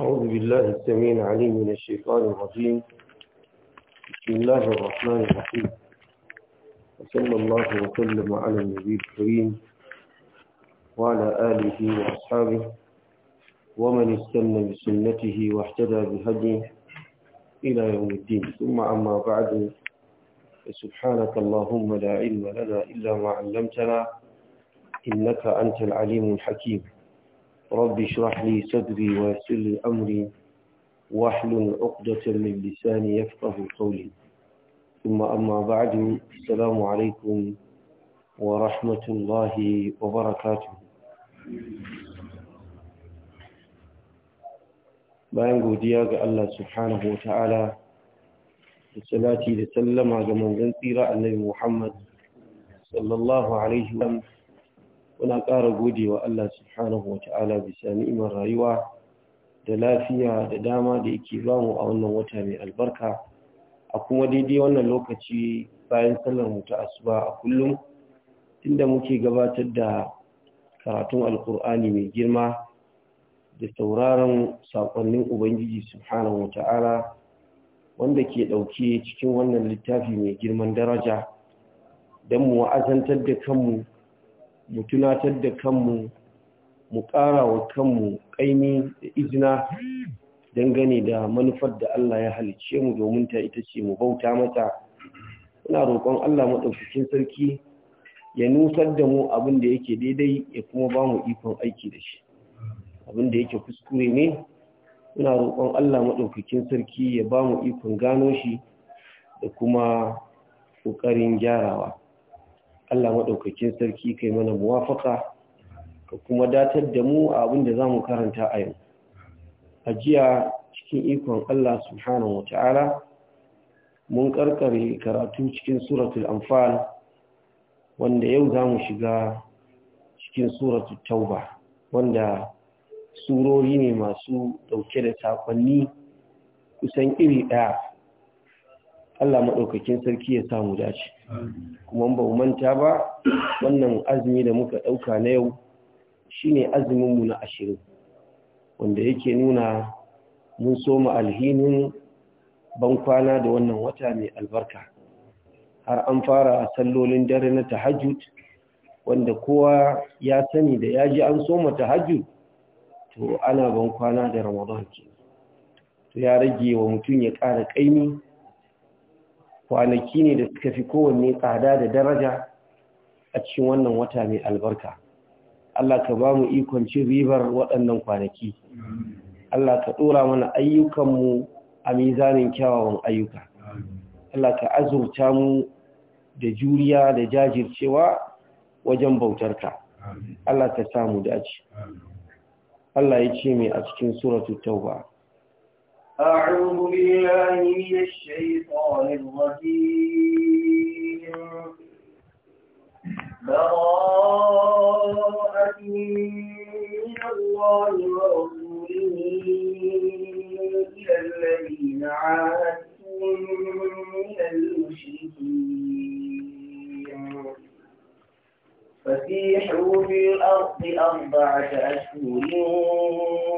أعوذ بالله السميع العليم من الشيطان الرجيم بسم الله الرحمن الرحيم وصلى الله وسلم على النبي الكريم وعلى آله وأصحابه ومن استنى بسنته واحتدى بهديه إلى يوم الدين ثم أما بعد سبحانك اللهم لا علم لنا إلا ما علمتنا إنك أنت العليم الحكيم ربي اشرح لي صدري ويسر لي امري واحلل عقدة من لساني يفقه قولي ثم اما بعد السلام عليكم ورحمة الله وبركاته بأن قوديا الله سبحانه وتعالى بالصلاة والسلام على من النبي محمد صلى الله عليه وسلم muna ƙara gode wa Allah subhanahu wa ta'ala bisa ni'imar rayuwa da lafiya da dama da yake ba mu a wannan wata mai albarka a kuma daidai wannan lokaci bayan sallar mu ta asuba a kullum inda muke gabatar da karatun alkur'ani mai girma da sauraron saƙonnin ubangiji subhanahu wa ta'ala wanda ke ɗauke cikin wannan littafi mai girman daraja don mu wa'azantar da kanmu mu tunatar da kanmu mu ƙara wa kanmu ƙaimi da izina dangane da manufar da Allah ya halicce mu domin ta ita ce mu bauta mata ina roƙon Allah maɗaukakin sarki ya nusar da mu abin da yake daidai ya kuma ba mu ikon aiki da shi abin da yake kuskure ne ina roƙon Allah maɗaukakin sarki ya ba mu ikon gano shi da kuma ƙoƙarin gyarawa Allah maɗaukacin sarki kai mana muwafaka ka kuma datar da mu a abin da za mu karanta a yau. A jiya cikin ikon Allah subhanahu wa ta'ala mun karkare karatu cikin suratul amfal wanda yau za mu shiga cikin suratul tauba wanda surori ne masu ɗauke da takwanni kusan iri ɗaya Allah maɗaukakin sarki ya samu dace kuma ba mu manta ba wannan azumi da muka ɗauka na yau shine azuminmu na ashirin wanda yake nuna mun soma alhinin bankwana da wannan wata mai albarka har an fara sallolin dare na tahajjud wanda kowa ya sani da ya ji an soma tahajjud to ana bankwana da ramadan ke to ya rage wa mutum ya ƙara ƙaimi kwanaki ne da suka fi kowanne tsada da daraja a cikin wannan wata mai albarka Allah ka ba mu ikon cin ribar waɗannan kwanaki Allah ka ɗora mana ayyukanmu a mizanin kyawawan ayyuka Allah ka azurta mu da juriya da jajircewa wajen bautarka Allah ka samu dace Allah ya ce mai a cikin suratu tauba أعوذ بالله من الشيطان الرجيم براءة من الله ورسوله إلى الذين عاهدتم من المشركين فسيحوا في الأرض أربعة أشهر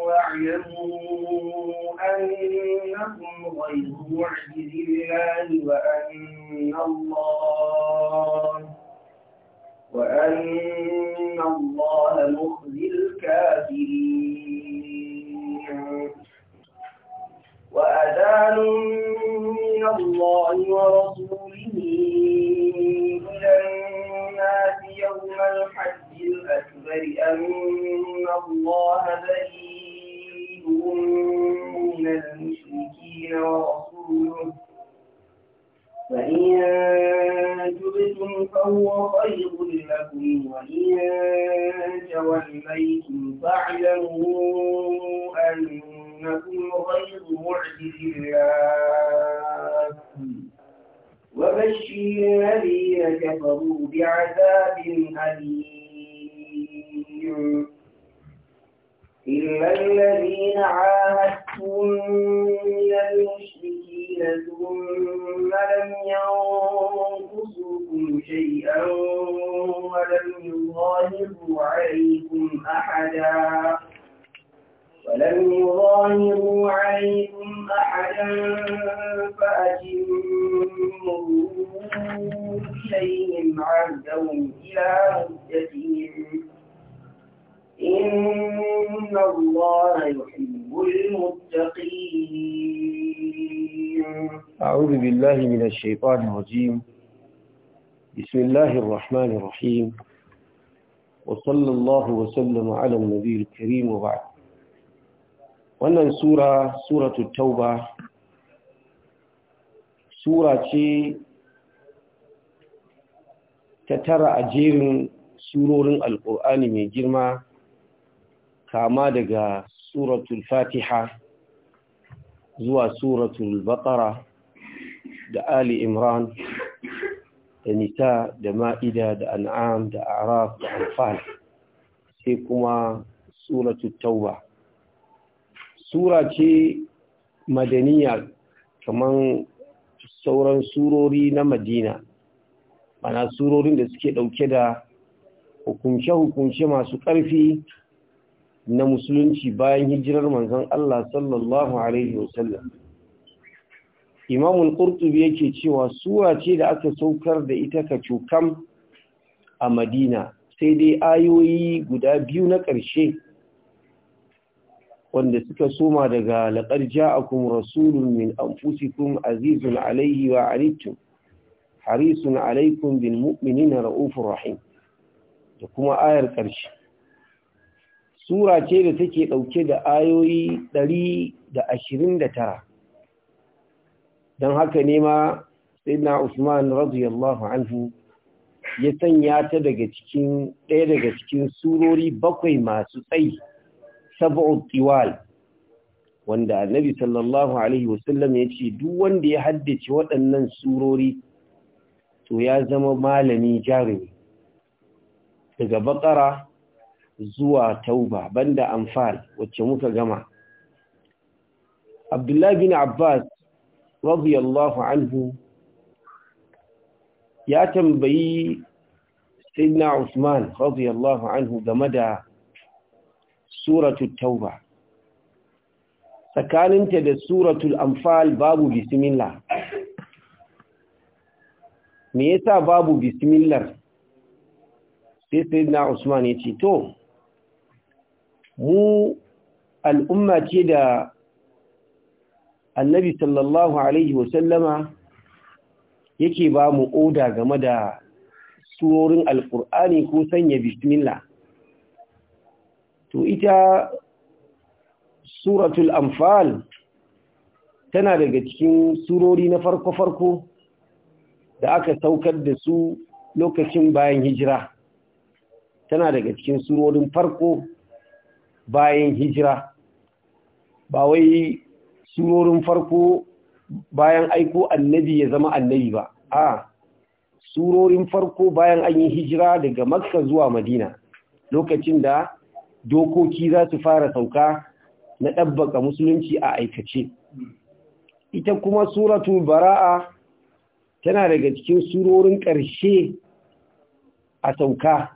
واعلموا المعجز الله وأن الله وأن الله مخزي الكافرين وأذان من الله ورسوله إلى الناس يوم الحج الأكبر أن الله بريء من المشركين ورسوله فإن وإن توليتم فاعلموا أنكم غير معجز وبشر الذين كفروا بعذاب أليم إلا الذين عاهدتم من المشركين ثم لم ينقصوكم شيئا ولم يظاهروا عليكم أحدا ولم يظاهروا عليكم أحدا فأتموا إليهم عهدهم إلى مدتهم إن الله يحب المتقين أعوذ بالله من الشيطان الرجيم بسم الله الرحمن الرحيم وصلى الله وسلم على النبي الكريم وبعد wannan sura suratul tauba sura ce ta tara a jerin surorin alkur'ani mai girma kama daga suratul fatiha zuwa suratul baqara da ali imran da nisa da ma'ida da an'am da araf da anfal sai kuma suratul tauba sura ce madaniya kaman sauran surori na madina mana surorin da suke dauke da hukunce-hukunce masu ƙarfi na musulunci bayan hijirar manzon Allah sallallahu alaihi wasallam al qurtubi yake cewa sura ce da aka saukar da ita ka cukam a madina sai dai ayoyi guda biyu na ƙarshe wanda suka soma daga laqad ja'akum rasulun min anfusikum azizun Alayhi wa anittum harisun alaykum bil mu'minina ra'ufur rahim da kuma ayar ƙarshe sura ce da take ɗauke da ayoyi ɗari da ashirin da tara don haka ne ma sayyidina usman radiyallahu anhu ya sanya ta daga cikin ɗaya daga cikin surori bakwai masu tsayi sab'u tiwal wanda annabi sallallahu alaihi wasallam ya ce duk wanda ya haddace waɗannan surori to ya zama malami jarumi daga bakara zuwa tauba banda amfal wacce muka gama abdullahi bin abbas radiyallahu anhu ya tambayi sayyidina usman radiyallahu anhu game da suratul tauba tsakaninta da suratul amfal babu bismillah me yasa babu bismillah sai sayyidina usman ya ce to mu al'umma ce da annabi sallallahu alaihi wasallama yake ba mu oda game da surorin alkur'ani ko sanya bismillah to ita suratul amfal tana daga cikin surori na farko-farko da aka saukar da su lokacin bayan hijira tana daga cikin surorin farko bayan hijira ba wai surorin farko bayan aiko annabi ya zama annabi ba a surorin farko bayan an yi hijira daga makka zuwa madina lokacin da dokoki za su fara sauka na ɗabbaka musulunci a aikace ita kuma suratu bara'a tana daga cikin surorin ƙarshe a sauka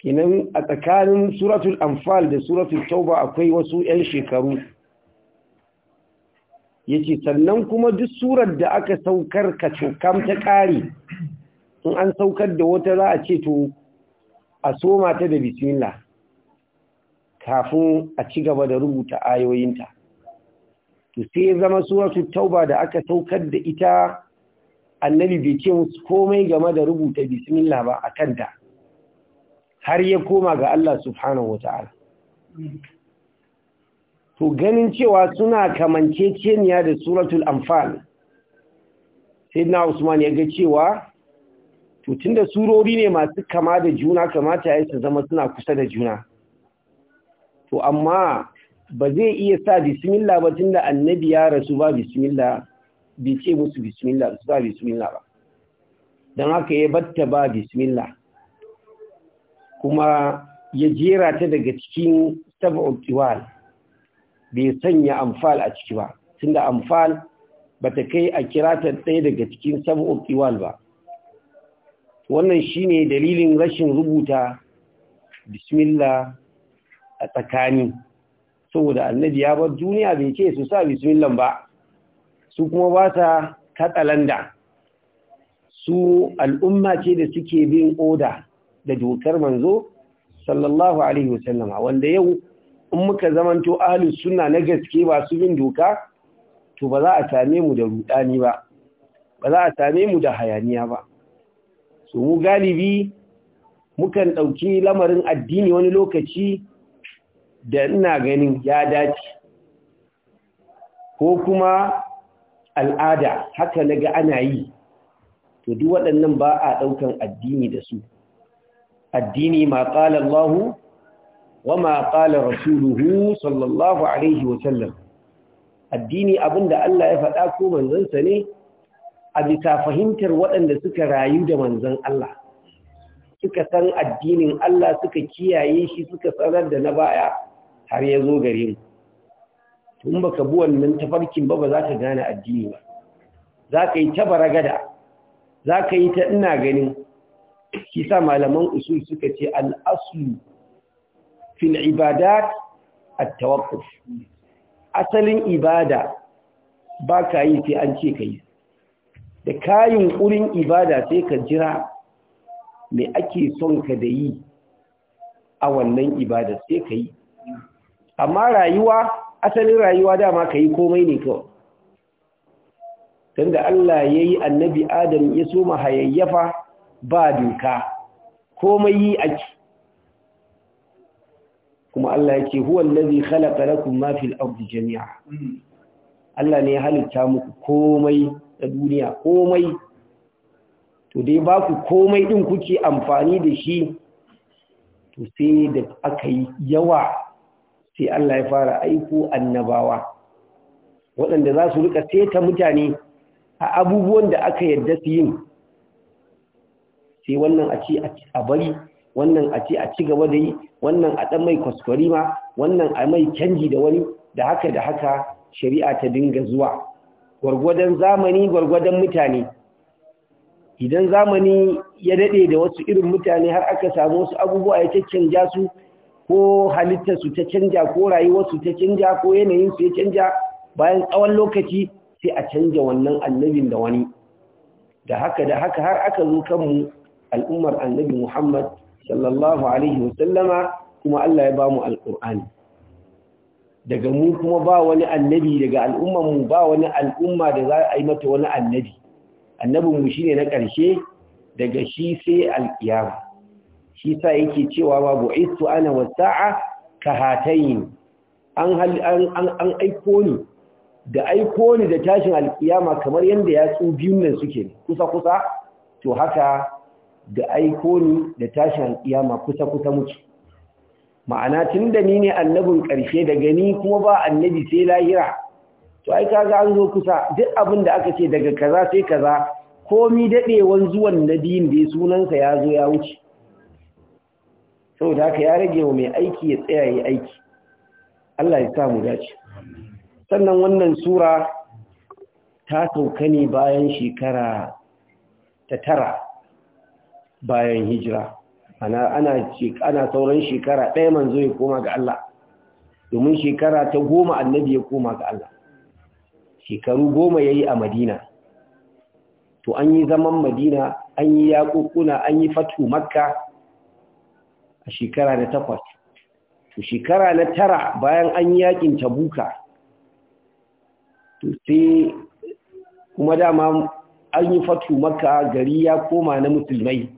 Kinan a tsakanin suratul anfal da suratul tauba akwai wasu 'yan shekaru yace sannan kuma duk surar da aka saukar ka cokam ta ƙari in an saukar da wata za a ce to a soma ta da bismillah kafin a ci gaba da rubuta ayoyinta to sai zama suratul tauba da aka saukar da ita annabi bai ce musu komai game da rubuta bismillah ba a kanta har ya koma ga Allah subhanahu wata'ala to ganin cewa suna kamance ceniya da suratul anfal sai na usman ya ga cewa to tunda surori ne masu kama da juna kamata ya su zama suna kusa da juna to amma ba zai iya sa bismillah ba tunda annabi ya rasu ba bismillah bai ce musu bismillah su ba bismillah ba don haka ya batta ba bismillah kuma ya jera ta daga cikin sab'ul tiwal bai sanya amfal a ciki ba tunda amfal bata kai a kirata ɗaya daga cikin sab'ul tiwal ba wannan shine dalilin rashin rubuta bismillah a tsakani saboda annabi ya bar duniya bai ce su sa bismillah ba su kuma ba ta katsalanda su al'umma ce da suke bin oda da dokar manzo sallallahu alaihi wasallama wanda yau in muka zamanto ahlus sunna na gaske ba su bin doka to ba za a same mu da rudani ba ba za a same mu da hayaniya ba so mu galibi mukan ɗauki lamarin addini wani lokaci da ina ganin ya dace ko kuma al'ada haka naga ana yi to duk waɗannan ba a ɗaukan addini da su addini ma qala Allah wa ma qala rasuluhu sallallahu alaihi wa addini abinda Allah ya faɗa ko manzansa ne a bisa fahimtar waɗanda suka rayu da manzan Allah suka san addinin Allah suka kiyaye shi suka sanar da na baya har ya zo gare mu tun baka bi wannan tafarkin ba ba za ka gane addini ba za ka yi ta baragada za ka yi ta ina ganin kisa malaman usul suka ce al'aslu fil ibadat at-tawaqquf asalin ibada ba ka yi sai an ce ka yi da kayin ƙurin ibada sai ka jira me ake son ka da yi a wannan ibada sai ka yi amma rayuwa asalin rayuwa dama ka yi komai ne kawai tunda Allah ya yi annabi Adam ya so hayayyafa ba doka komai yi ake kuma Allah yake huwa allazi khalaqa lakum ma fil ardi jami'a Allah ne ya halitta muku komai a duniya komai to dai ba ku komai din kuke amfani da shi to sai da aka yi yawa sai Allah ya fara aiko annabawa waɗanda za su rika seta mutane a abubuwan da aka yarda su yin sai wannan a ce a bari wannan a ce a ci gaba da yi wannan a ɗan mai kwaskwari ma wannan a mai canji da wani da haka da haka shari'a ta dinga zuwa gwargwadon zamani gwargwadon mutane idan zamani ya daɗe da wasu irin mutane har aka samu wasu abubuwa ya canja su ko su ta canja ko rayuwarsu ta canja ko yanayinsu ya canja bayan tsawon lokaci sai a canja wannan annabin da wani da haka da haka har aka zo kanmu al'ummar annabi Muhammad sallallahu alaihi wasallama kuma Allah ya ba mu alqur'ani daga mu kuma ba wani annabi daga al'ummar mu ba wani al'umma da za a yi mata wani annabi annabin mu shine na ƙarshe daga shi sai alƙiyama shi sa yake cewa babu bu'istu ana wasa'a ka an an aiko ni da aiko ni da tashin alƙiyama kamar yadda ya tsubi biyun nan suke kusa kusa to haka da aiko ni da tashin alkiyama kusa kusa muke ma'ana tun da ni ne annabin ƙarshe da gani kuma ba annabi sai lahira to ai kaga an zo kusa duk abin da aka ce daga kaza sai kaza komi daɗewan zuwan nabiyin da sunansa ya zo ya wuce saboda haka ya rage wa mai aiki ya tsaya ya aiki Allah ya sa mu dace sannan wannan sura ta sauka ne bayan shekara ta tara bayan hijira ana ana ana sauran shekara ɗaya manzo ya koma ga Allah domin shekara ta goma annabi ya koma ga Allah shekaru goma yayi a Madina to an yi zaman Madina an yi yaƙuƙuna an yi fatu Makka a shekara na takwas to shekara na tara bayan an yi yaƙin Tabuka to sai kuma dama an yi fatu Makka gari ya koma na musulmai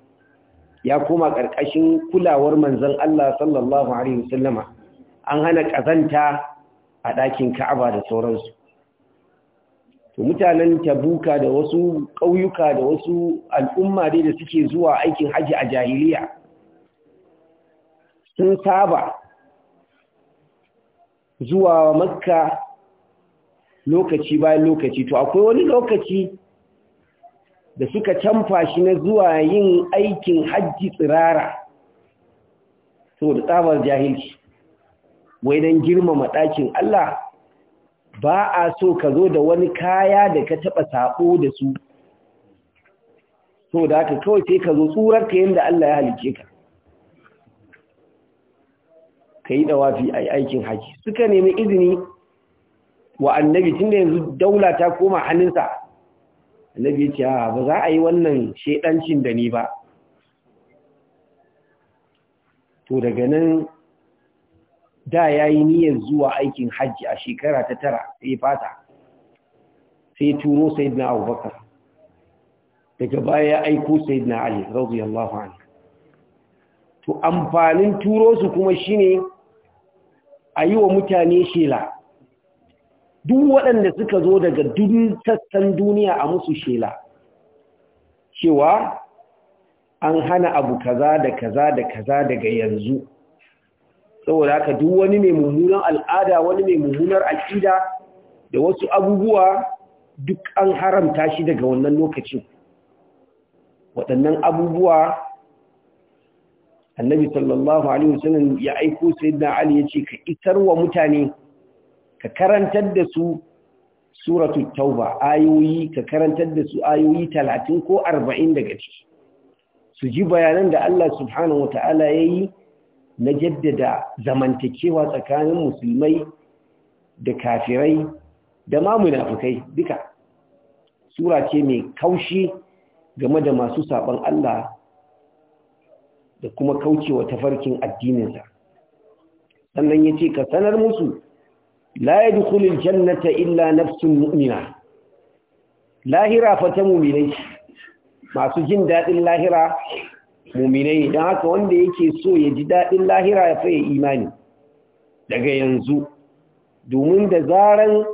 ya koma ƙarƙashin kulawar manzan Allah sallallahu alaihi wasallama an hana ƙazanta a ɗakin Ka'aba da sauransu to mutanen Tabuka da wasu ƙauyuka da wasu al'umma dai da suke zuwa aikin haji a jahiliya sun saba zuwa makka lokaci bayan lokaci to akwai wani lokaci da suka canfa shi na zuwa yin aikin hajji tsirara saboda tsabar jahilci wai don girmama ɗakin Allah ba a so ka zo da wani kaya da ka taɓa saɓo da su da haka kawai sai ka zo tsurar ka yadda Allah ya halice ka ka yi ɗawafi a aikin haji suka nemi izini wa annabi tunda yanzu daula ta koma hannunsa annabi ya ce a ba za a yi wannan shaidancin da ni ba to daga nan da ya yi niyyar zuwa aikin hajji a shekara ta tara sai fata sai turo na abubakar daga baya ya aiko na ali radiyallahu anhu to amfanin turo su kuma shine a yi wa mutane shela duk waɗanda suka zo daga sassan duniya a musu shela cewa an hana abu kaza da kaza da kaza daga yanzu saboda haka duk wani mai mummunan al'ada wani mai mummunar al'ida da wasu abubuwa duk an haramta shi daga wannan lokacin waɗannan abubuwa annabi sallallahu alaihi wasallam ya aiko sayyidina ali ce ka isar wa mutane ka karantar da su suratul tauba ayoyi ka karantar da su ayoyi talatin ko arba'in daga ciki su ji bayanan da Allah subhanahu wa ta'ala ya yi na jaddada zamantakewa tsakanin musulmai da kafirai da ma munafukai duka sura ce mai kaushi game da masu saban Allah da kuma kaucewa tafarkin addininsa sannan ya ce ka sanar musu la yadkhulul jannata illa nafsun mu'mina lahira fa ta mu'minai masu jin dadin lahira mu'minai dan haka wanda yake so ya ji dadin lahira ya faye imani daga yanzu domin da zaran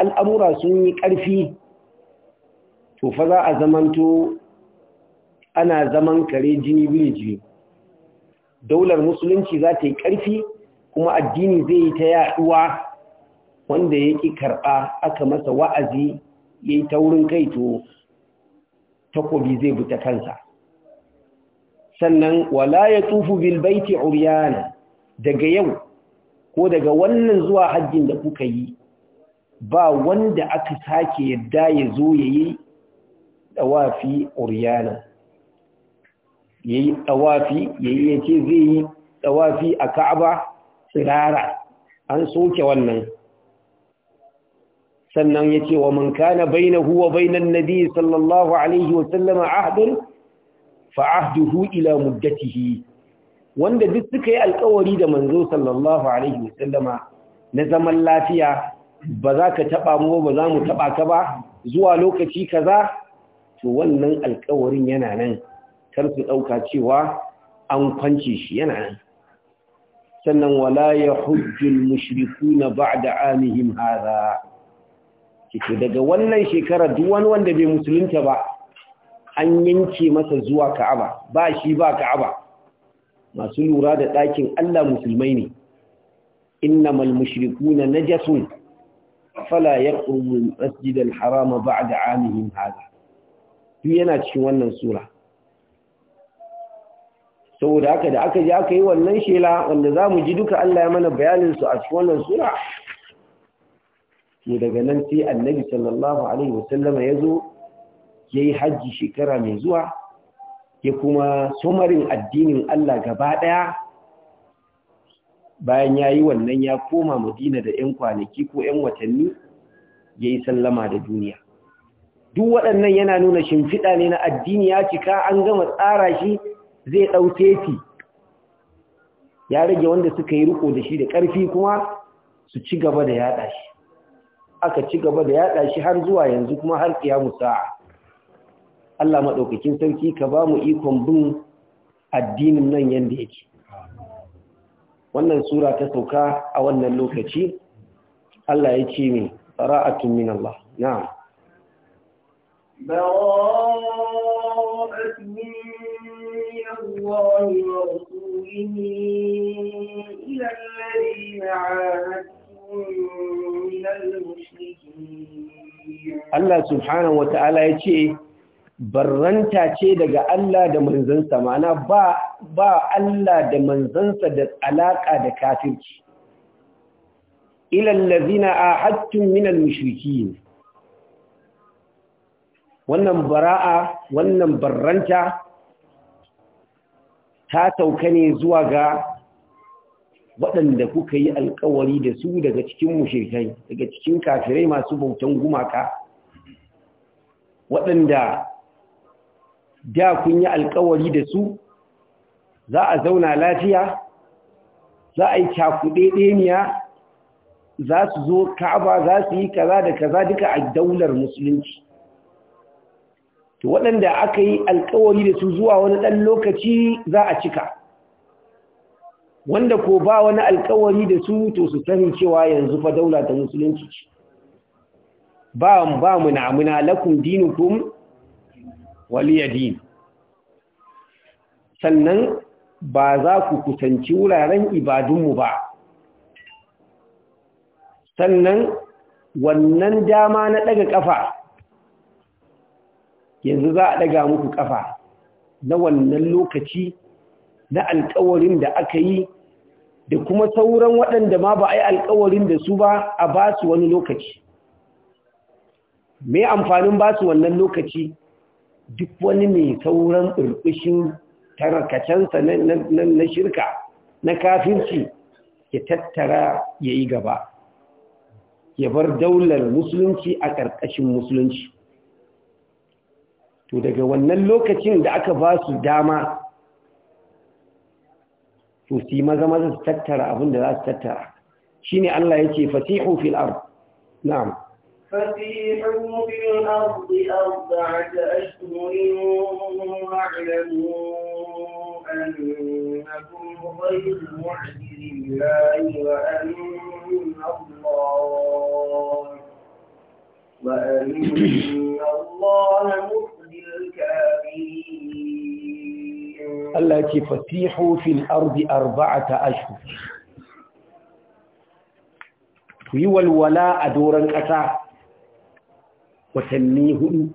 al'amura sun yi ƙarfi to fa za a zamanto ana zaman kare jini biyu jini daular musulunci za ta yi ƙarfi kuma addini zai yi ta yaɗuwa, wanda ya ƙi karɓa aka masa wa'azi ya yi wurin kai to takobi zai buta kansa sannan wala ya tufu bilbaiti uriyana daga yau ko daga wannan zuwa hajjin da kuka yi ba wanda aka sake yadda ya zo ya yi ɗawafi uriyana ya yi ɗawafi ya yi ya ce zai yi ɗawafi a ka'aba tsirara an soke wannan sannan ya ce wa man kana bainahu wa bainan nabi sallallahu alaihi wa ahdun fa ahduhu ila muddatihi wanda duk suka yi alkawari da manzo sallallahu alaihi wa na zaman lafiya ba za ka taba mu ba za mu taba ka ba zuwa lokaci kaza to wannan alkawarin yana nan kar su dauka cewa an kwance shi yana nan sannan wala ya hujjul mushrikuna da amihim hada. kike daga wannan shekara duk wani wanda bai musulunta ba an yanke masa zuwa Ka'aba ba shi ba Ka'aba masu lura da ɗakin Allah musulmai ne innamal mushrikuna najasun fala yaqrubu al-masjid al-harama da amihim hada. duk yana cikin wannan sura saboda haka da aka ji aka yi wannan shela wanda za mu ji duka Allah ya mana bayaninsu a cikin wannan sura to daga nan sai annabi sallallahu alaihi wasallama ya zo ya yi hajji shekara mai zuwa ya kuma sumarin addinin Allah gaba ɗaya bayan ya yi wannan ya koma madina da 'yan kwanaki ko 'yan watanni ya yi sallama da duniya duk waɗannan yana nuna shimfiɗa ne na addini ya cika an gama tsara shi zai ɗauke fi. ya rage wanda suka yi riko da shi da ƙarfi kuma su ci gaba da yaɗa shi aka ci gaba da yaɗa shi har zuwa yanzu kuma har ƙiyamu sa'a Allah maɗaukakin sarki ka ba mu ikon bin addinin nan yadda yake wannan sura ta sauka a wannan lokaci Allah ya ce min ra'atun min Allah na'am الله ورسوله إلى الذين عاهدتم من المشركين الله سبحانه وتعالى barranta ce daga Allah da manzansa mana ba ba Allah da manzansa da alaƙa da kafirci ilal a ahadtum minal ne wannan bara'a wannan barranta ta sauka ne zuwa ga waɗanda kuka yi alkawari da su daga cikin mushirkai daga cikin kafirai masu bautan gumaka waɗanda da kun yi alkawari da su za a zauna lafiya za a yi cakuɗeɗeniya za su zo ka'aba za su yi kaza da kaza duka a daular musulunci to waɗanda aka yi alkawari da su zuwa wani ɗan lokaci za a cika wanda ko ba wani alkawari da su to su sani cewa yanzu fa daula ta musulunci ce ba ba na muna lakum dinukum waliyadin sannan ba za ku kusanci wuraren ibadunmu ba sannan wannan dama na ɗaga ƙafa yanzu za a ɗaga muku ƙafa na wannan lokaci na alkawarin da aka yi da kuma sauran waɗanda ma ba a yi alkawarin da su ba a ba su wani lokaci Me amfanin ba su wannan lokaci duk wani mai sauran ɓirɓishin tarkacensa na shirka na kafinci ya tattara ya yi gaba ya bar daular musulunci a ƙarƙashin musulunci to daga wannan lokacin da aka ba su dama to su yi maza maza su tattara abin da za su tattara shi ne Allah ya ce fasihu fil ard na'am fasihu في الأرض arba'ata ashhurin wa'lamu annakum ghayru mu'jizillahi wa anna Allah wa anna Allah ce fasihu fil ardi ta ashhur ku yi walwala a doron ƙasa watanni hudu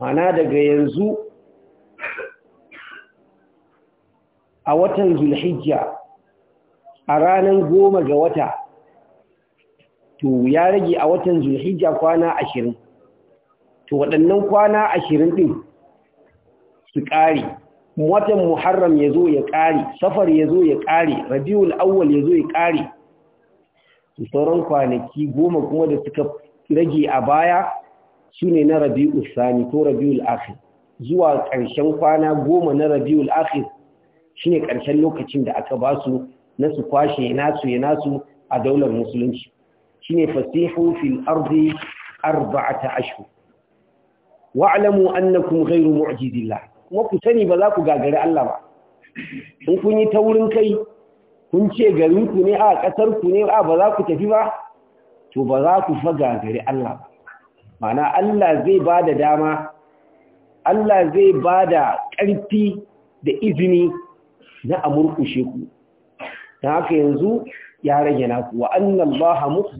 mana daga yanzu a watan zulhijja a ranar goma ga wata to ya rage a watan zulhijja kwana ashirin to waɗannan kwana ashirin ɗin su ƙare watan muharram ya zo ya ƙare safar ya zo ya ƙare rabiul awwal ya zo ya ƙare su sauran kwanaki goma kuma da suka rage a baya su ne na rabiul sani ko rabiul akhir zuwa ƙarshen kwana goma na rabiul akhir shine ƙarshen lokacin da aka ba su na su kwashe nasu ya nasu a daular musulunci Shi ne fasihu fil ardi arba'ata ashhur wa'alamu annakum ghayru mu'jizillah kuma ku sani ba za ku gagari Allah ba in kun yi taurin kai kun ce garinku ne a ƙasarku ku ne a ba za ku tafi ba to ba za ku fa gagari Allah ba ma'ana Allah zai ba da dama Allah zai ba da ƙarfi da izini na amurkushe ku ta haka yanzu ya rage naku wa annan ba ha mutu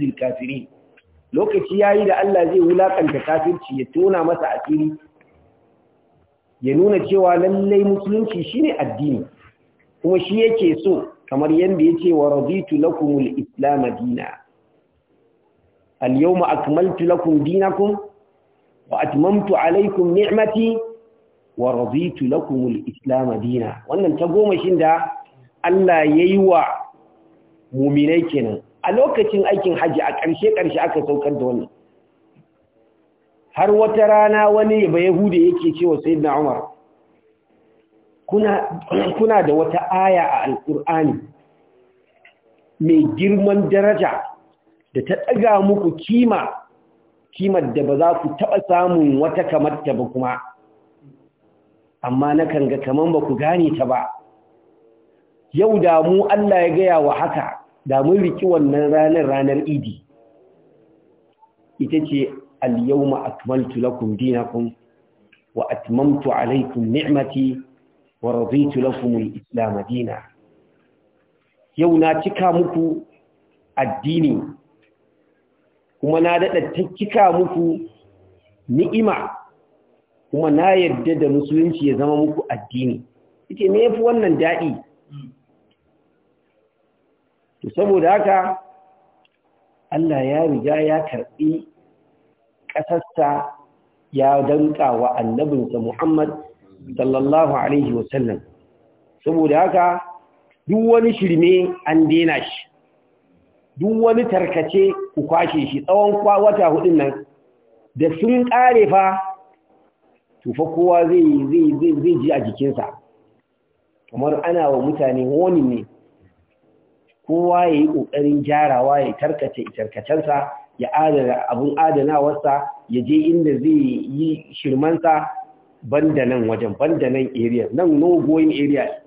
lokaci yayi da Allah zai wulakanta kafirci ya tona masa asiri ya nuna cewa lallai musulunci shine addini kuma shi yake so kamar yanda ce wa raditu lakumul islam dina al-yawma akmaltu lakum dinakum wa atmamtu alaykum ni'mati wa raditu lakumul islam dina wannan ta goma shin da Allah yayi wa mu'minai kenan a lokacin aikin hajji a ƙarshe-ƙarshe aka saukar da wannan har wata rana wani ba yahuda yake cewa sai na umar kuna da wata aya a alƙur'ani mai girman daraja da ta ɗaga muku kima kimar da ba za ku taɓa samun wata kamar ta ba kuma amma na kan ga kaman ba ku gane ta ba yau da mu Allah ya gaya wa haka da mun riki wannan ranar ranar idi ita ce al-yawma akmaltu lakum dinakum wa atmamtu alaykum ni'mati wa raditu lakum al-islam dinan yau na cika muku addini kuma na dada cika muku ni'ima kuma na yarda da musulunci ya zama muku addini ita ne yafi wannan dadi to saboda haka Allah ya riga ya karɓi ƙasarsa ya danka wa annabinsa Muhammad sallallahu alaihi wasallam saboda haka duk wani shirme an dena shi duk wani tarkace ku kwashe shi tsawon wata hudun nan da sun kare fa tufa kowa zai zai zai ji a jikinsa kamar ana wa mutane wani ne kowa ya yi ƙoƙarin gyarawa ya tarkace tarkacensa ya adana abin adanawarsa ya je inda zai yi shirmansa banda nan wajen banda nan area nan no going area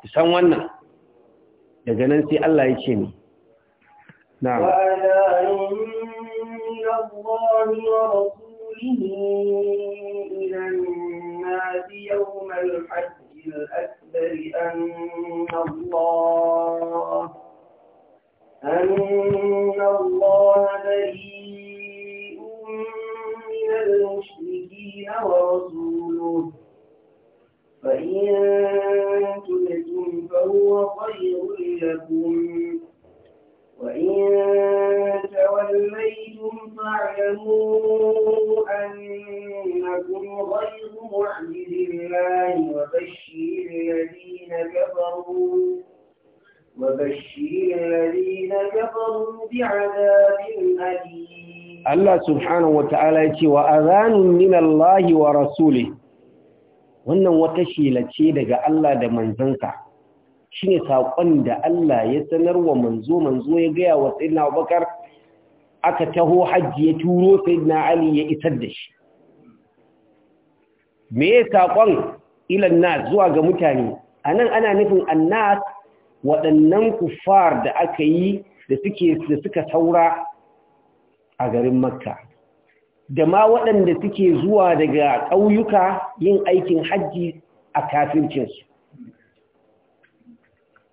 ku san wannan daga nan sai Allah ya ce ni na wa الأكبر أن الله أن الله بريء من المشركين ورسوله فإن تبتم فهو خير لكم Allah subhanahu wa ta’ala ya ce wa azanin nina wa rasuli wannan wata shila ce daga Allah da manzanka. shine saƙon da Allah ya sanar wa manzo manzo ya gaya wa sayyidina Abubakar aka taho hajji ya turo sayyidina Ali ya isar da shi me ya saƙon ilan nas zuwa ga mutane anan ana nufin annas waɗannan kufar da aka yi da suka saura a garin makka da ma waɗanda suke zuwa daga ƙauyuka yin aikin hajji a kafincinsu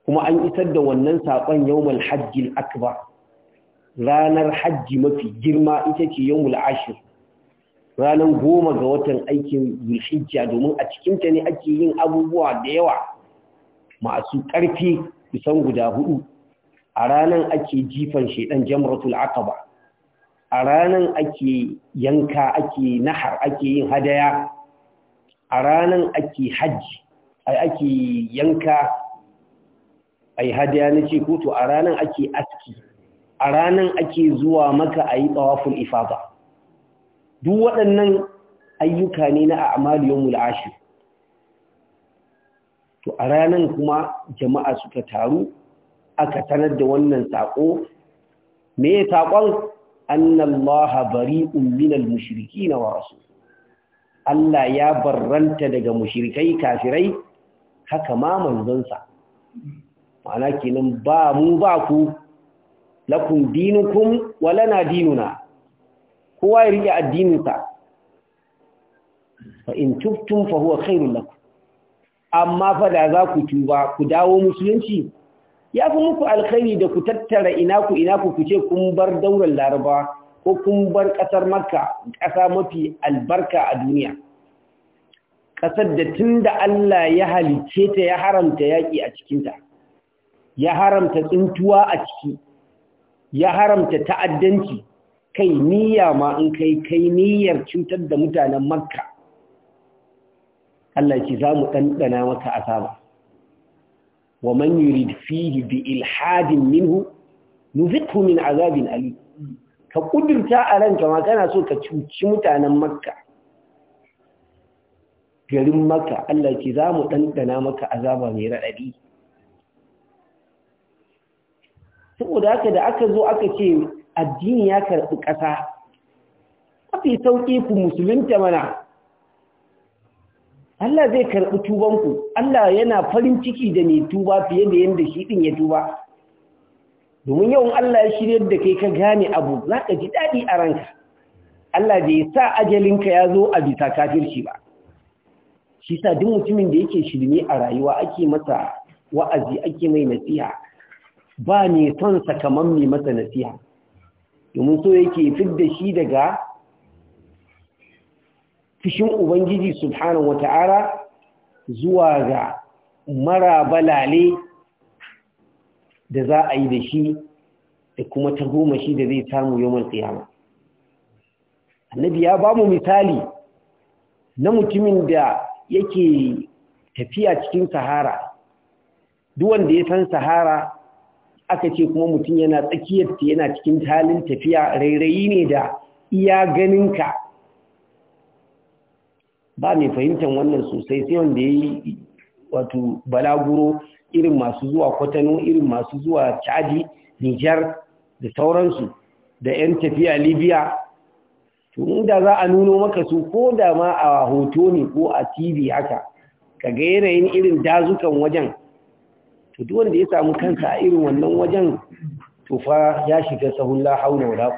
kuma an isar da wannan saƙon yawmal hajjil akbar ranar hajji mafi girma ita ce yawmul ashir ranar goma ga watan aikin zulhijja domin a cikinta ne ake yin abubuwa da yawa masu ƙarfi kusan guda hudu a ranar ake jifan shaidan jamratul aqaba a ranar ake yanka ake nahar ake yin hadaya a ranar ake hajji ake yanka ai hadiya nace ko to a ranan ake aski a ranan ake zuwa maka ayi yi tsawafin duk waɗannan ayyuka ne na yawmul ashir to a ranan kuma jama'a suka taru aka tanar da wannan saƙo me ya saƙon annallaha bari'un minal mushrikina wa rasul Allah ya barranta daga mushrikai kafirai haka ma manzonsa ma'ana kenan ba mu ba ku lakum dinukum wa lana dinuna kowa ya riƙe addininsa fa in tuftum fa huwa khairul lakum amma fa da za ku tuba ku dawo musulunci ya fi muku alkhairi da ku tattara ina ku ina ku ce kun bar daular laraba ko kun bar ƙasar makka ƙasa mafi albarka a duniya ƙasar da tun da Allah ya halice ta ya haramta yaƙi a cikinta ya haramta tsintuwa a ciki ya haramta ta'addanci kai niyya ma in kai kai niyyar cutar da mutanen makka Allah ki za mu ɗanɗana maka asaba wa man yurid fihi bi ilhadin minhu nuzikhu min azabin ali ka kudurta a ranka ma kana so ka cuci mutanen makka garin makka Allah ki za mu ɗanɗana maka azaba mai raɗaɗi saboda haka da aka zo aka ce addini ya karɓi ƙasa mafi sauƙi ku musulunta mana Allah zai karɓi tubanku Allah yana farin ciki da mai tuba fiye da yadda shi ɗin ya tuba domin yawan Allah ya shirya da kai ka gane abu za ka ji daɗi a ranka Allah da sa ajalinka ya zo a bisa kafirci ba shi sa duk mutumin da yake shirme a rayuwa ake masa wa'azi ake mai nasiha ba ne son sakaman mai masa nasiha domin so yake da shi daga fishin ubangiji subhanahu wata'ala zuwa ga mara balale da za a yi da shi da kuma ta goma shi da zai samu yawan tsiyama annabi ya ba mu misali na mutumin da yake tafiya cikin sahara duk wanda ya san sahara aka ce kuma mutum yana tsakiyar ta yana cikin halin tafiya rairayi ne da iya ganinka ba mai fahimtar wannan sosai sai wanda ya yi wato balaguro irin masu zuwa kwatano irin masu zuwa chadi nijar da sauransu da 'yan tafiya libya tun da za a nuno maka su ko da ma a hoto ne ko a tv haka ka ga yanayin irin dazukan wajen to duk wanda ya samu kansa a irin wannan wajen to fa ya shiga sahun la haula wala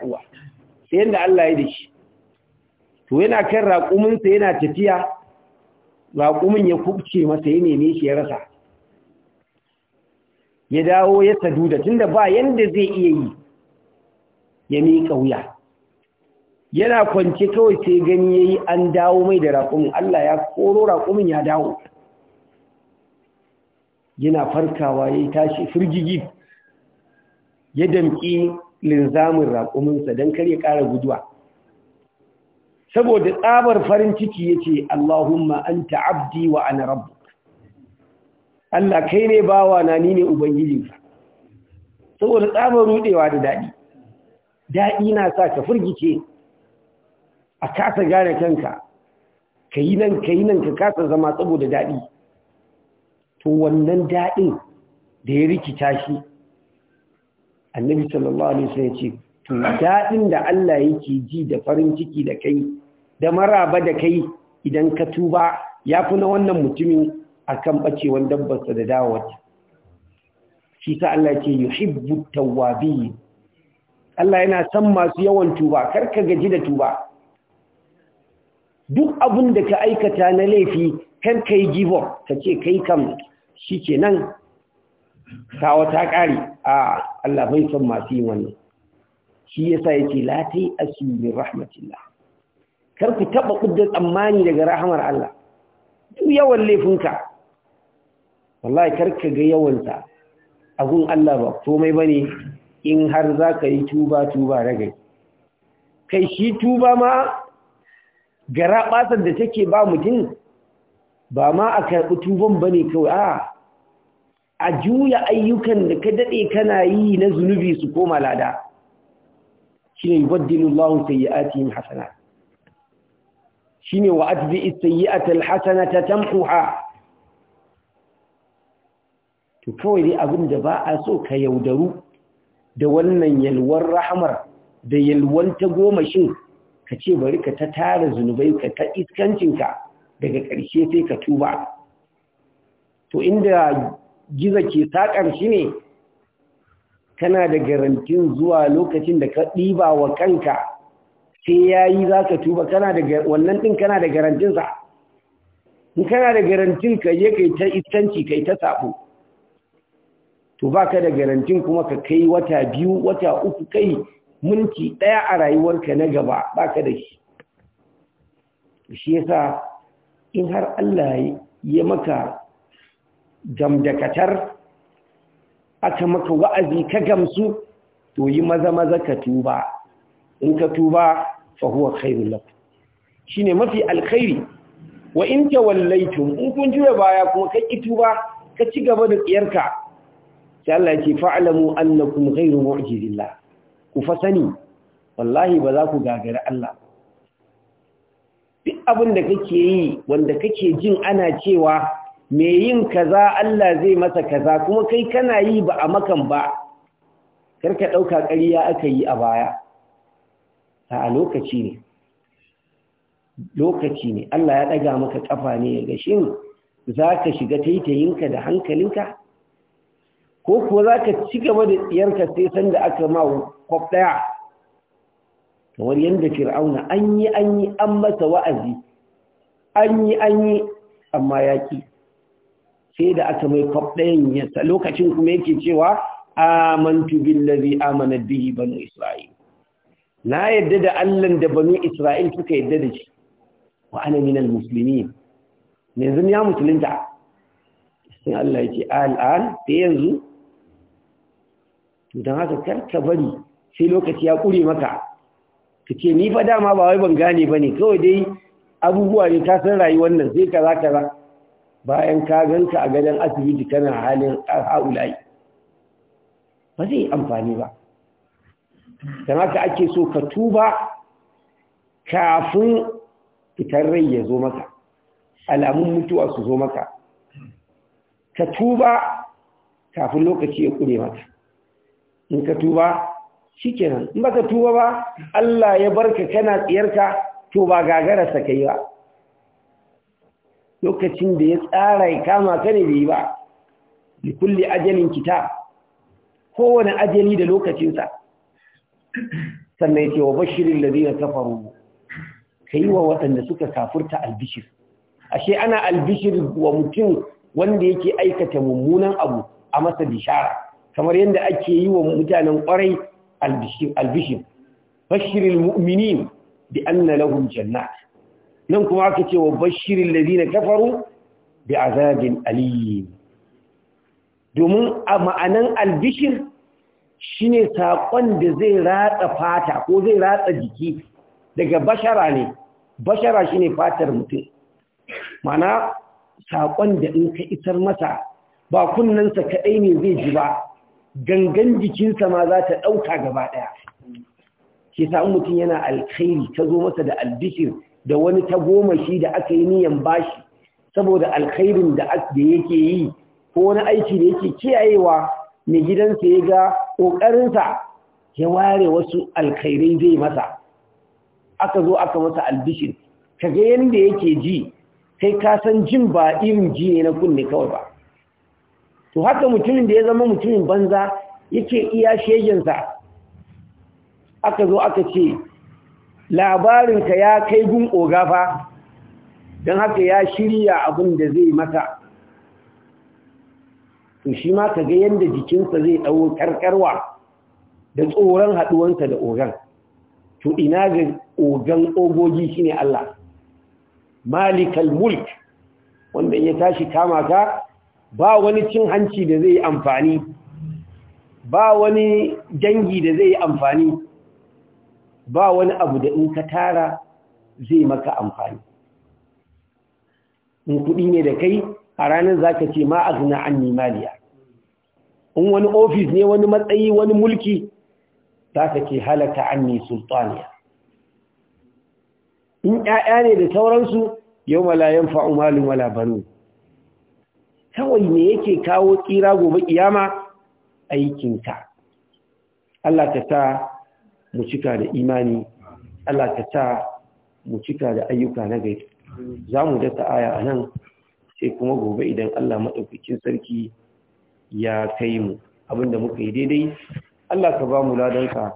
sai yanda Allah ya dace to yana kan raƙumin yana tafiya raƙumin ya kubce masa ya neme shi ya rasa ya dawo ya saduda tunda ba yanda zai iya yi ya miƙa wuya yana kwance kawai sai gani yayi an dawo mai da raƙumin Allah ya koro raƙumin ya dawo yana farkawa ya tashi firgigi ya damƙi linzamin raƙuminsa don kar ya ƙara guduwa saboda tsabar farin ciki ya ce Allahumma an ta'abdi wa ana rabu Allah kai ne bawa na ni ne Ubangijinka saboda tsabar rudewa da daɗi daɗi na sa ka firgice a kasa gane kanka ka yi nan ka yi nan ka kasa zama saboda daɗi to wannan daɗin da ya rikita shi annabi sallallahu alaihi wasallam ce to daɗin da Allah yake ji da farin ciki da kai da maraba da kai idan ka tuba ya fi na wannan mutumin akan bacewan dabbarsa da dawowata shi sa Allah ce yuhibbu tawwabin Allah yana san masu yawan tuba kar ka gaji da tuba duk abin da ka aikata na laifi kar ka yi up kace kai kam shi nan, kawo ta ƙari a Allah bai son masu yi wannan shi ya sa yace ce latai asu min rahmatillah kar ku taɓa kuddar tsammani daga rahamar Allah duk yawan laifinka wallahi kar ka ga yawansa abun Allah ba komai ne in har za ka yi tuba tuba ragai kai shi tuba ma gara ɓasar da take ba mutum ba ma a karɓi tuban ba ne kawai a a juya ayyukan da ka daɗe kana yi na zunubi su koma lada shi ne yubaddilullahu yin hasana shi ne wa atbi'i ta hasanata ha? to kawai dai abin da ba a so ka yaudaru da wannan yalwar rahamar da yalwan ta shi ka ce bari ka ta tara zunubai ka ta iskancinka daga ƙarshe sai ka tuba to inda gizo ke saƙar shi ne kana da garantin zuwa lokacin da ka ɗiba wa kanka sai ya yi za ka tuba wannan ɗin kana da garantinsa in kana da garantin ka je kai ta iskanci kai ta sabo to ba ka da garantin kuma ka kai wata biyu wata uku kai minti ɗaya a rayuwarka na gaba ba ka da shi shi yasa in har Allah ya maka gamdakatar aka maka wa'azi ka gamsu to yi maza maza ka tuba in ka tuba fa huwa khairul shine mafi alkhairi wa in tawallaytum in kun juya baya kuma ka ki tuba ka ci gaba da tsiyarka sai Allah yake fa'lamu annakum ghayru mu'jizillah ku fasani wallahi ba za ku gagara Allah ba abin da kake yi wanda kake jin ana cewa me yin kaza Allah zai masa kaza kuma kai kana yi ba a makan ba karka ɗauka ƙarya aka yi a baya a lokaci ne lokaci ne Allah ya ɗaga maka ƙafa ne ga shin za ka shiga taitayinka da hankalinka ko kuwa za ka ci gaba da tsiyarka sai sanda aka ma kwaf ɗaya kamar yadda fir'auna an yi an yi an masa wa'azi an yi an yi amma ya ki. sai da aka mai kwab ɗayan yasa lokacin kuma yake cewa amantu billazi amana bihi banu isra'il na yadda da allan da banu isra'il suka yadda da shi wa ana minal ne yanzu ya musulunta sai Allah yake al'an da yanzu don haka karka bari sai lokaci ya kure maka ka ce ni fa ma ba wai ban gane ba ne kawai dai abubuwa ne ka san rayuwar nan sai kaza kaza bayan ka ganka a gadon asibiti kana halin haulai ba zai amfani ba don haka ake so ka tuba kafin fitar rai ya zo maka alamun mutuwa su zo maka ka tuba kafin lokaci ya kure maka in ka tuba nan, in baka tuba ba Allah ya barka kana tsiyarka to ba gagararsa sa yi ba lokacin da ya tsara ya kama ka ne bai ba da kulle ajalin kita? kowane ajali da lokacinsa sannan ke wa bashirin da zai faru Ka yi wa waɗanda suka kafurta albishir ashe ana albishir wa mutum wanda yake aikata mummunan abu a masa bishara kamar yadda ake yi wa mutanen kwarai albishir bashirin mu'minin bi anna lahum jannat nan kuma aka ce wa bashirin ladina kafaru bi azabin alim domin a ma'anan albishir shine sakon da zai ratsa fata ko zai ratsa jiki daga bashara ne bashara shine fatar mutum mana sakon da in ka isar masa ba kunnansa kaɗai ne zai ji ba gangan jikinsa ma za ta ɗauka gaba ɗaya Ke sa mutum yana alkhairi ta zo masa da albishir da wani ta goma shi da aka yi niyan bashi saboda alkhairin da yake yi ko wani aiki da yake kiyayewa mai gidansa ya ga ƙoƙarinsa ya ware wasu alkhairai zai masa aka zo aka masa albishir kaga yadda yake ji sai ka san jin ba irin ji ne na kunne kawai ba to haka mutumin da ya zama mutumin banza yake iya shegensa aka zo aka ce labarinka ya kai gun ogafa don haka ya shirya abin da zai mata to shi ma ka ga yadda jikinsa zai ɗau karkarwa da tsoron haɗuwarsa da ogan to ina ga ogan ogogi shine Allah malikal mulk wanda ya tashi kama ka ba wani cin hanci da zai amfani ba wani dangi da zai amfani ba wani abu da in ka tara zai maka amfani in kuɗi ne da kai a ranar za ka ce ma a an in wani ofis ne wani matsayi wani mulki za ka ce halata an sultaniya in ‘ya'ya ne da sauransu yau malayen fa'umalin wala banu kawai ne yake kawo tsira gobe kiyama aikinka Allah ta sa mu cika da imani Allah ta sa mu cika da ayyuka na gari za mu dasa aya a nan sai kuma gobe idan Allah maɗaukakin sarki ya kai mu abinda muka yi daidai Allah ka ba mu ladanka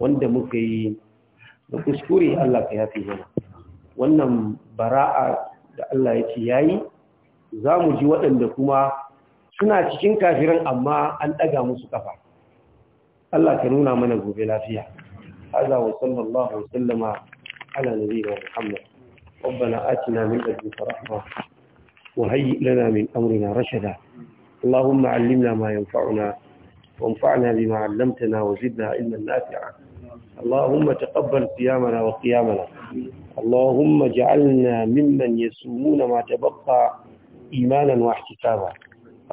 wanda muka yi da kuskure Allah ka yafi mana wannan bara'a da Allah ya ce yayi za mu ji waɗanda kuma suna cikin kafirin amma an ɗaga musu ƙafa. Allah ka nuna mana gobe lafiya. Haza wa sallallahu wa sallama ala nabi Muhammad. Rabbana atina min ajli rahma wa lana min amrina rashada. Allahumma allimna ma yanfa'una wa anfa'na bima 'allamtana wa zidna ilman nafi'a. اللهم تقبل صيامنا وقيامنا اللهم اجعلنا ممن يصومون ما تبقى إيمانا واحتسابا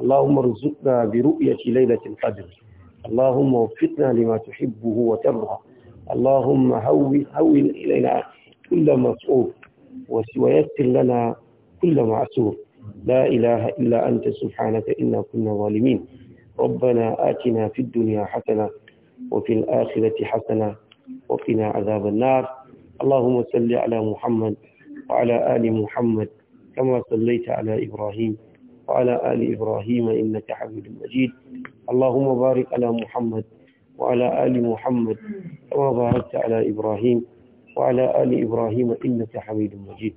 اللهم ارزقنا برؤية ليلة القدر اللهم وفقنا لما تحبه وترضى اللهم هون, هون إلينا كل مصعوب ويسر لنا كل معسور لا إله إلا أنت سبحانك إنا كنا ظالمين ربنا آتنا في الدنيا حسنة وفي الآخرة حسنة وقنا عذاب النار اللهم صل على محمد وعلى آل محمد كما صليت على إبراهيم وعلى آل إبراهيم إنك حميد مجيد اللهم بارك على محمد وعلى آل محمد كما باركت على إبراهيم وعلى آل إبراهيم إنك حميد مجيد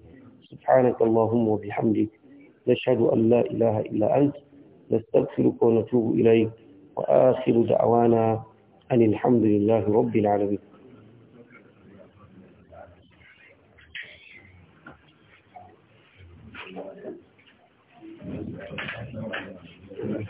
سبحانك اللهم وبحمدك نشهد أن لا إله إلا أنت نستغفرك ونتوب إليك وآخر دعوانا أن الحمد لله رب العالمين